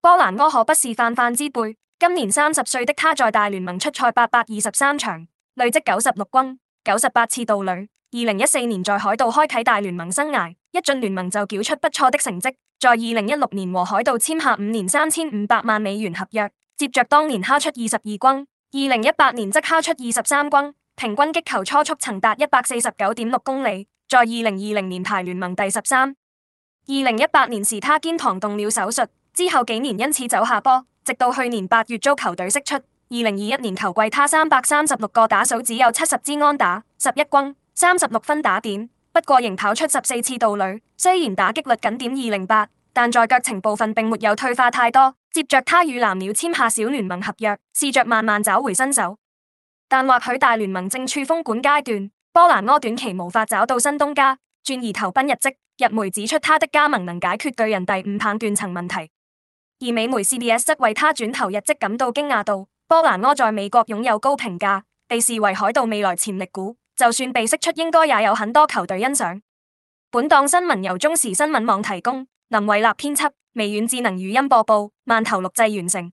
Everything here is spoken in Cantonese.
波蘭柯可不是泛泛之輩，今年三十歲的他在大聯盟出賽八百二十三場，累積九十六轟九十八次盜壘。二零一四年在海盜開啟大聯盟生涯，一進聯盟就繳出不錯的成績。在二零一六年和海盜簽下五年三千五百萬美元合約，接着當年敲出二十二轟。二零一八年則敲出二十三轟，平均擊球初速曾達一百四十九點六公里。在二零二零年排聯盟第十三。二零一八年時，他肩膀動了手術。之後幾年因此走下坡，直到去年八月遭球隊釋出。二零二一年球季，他三百三十六個打數，只有七十支安打，十一轟，三十六分打點。不過仍跑出十四次盜壘，雖然打擊率僅點二零八，但在腳程部分並沒有退化太多。接着他與藍鳥簽下小聯盟合約，試着慢慢找回身手。但或許大聯盟正處封館階段，波蘭柯短期無法找到新東家，轉而投奔日職。日媒指出他的加盟能解決巨人第五棒斷層問題。而美媒 CBS 則為他轉投日職感到驚訝，到波蘭柯在美國擁有高評價，被視為海盜未來潛力股，就算被釋出，應該也有很多球隊欣賞。本檔新聞由中時新聞網提供，林偉納編輯，微軟智能語音播報，慢頭錄製完成。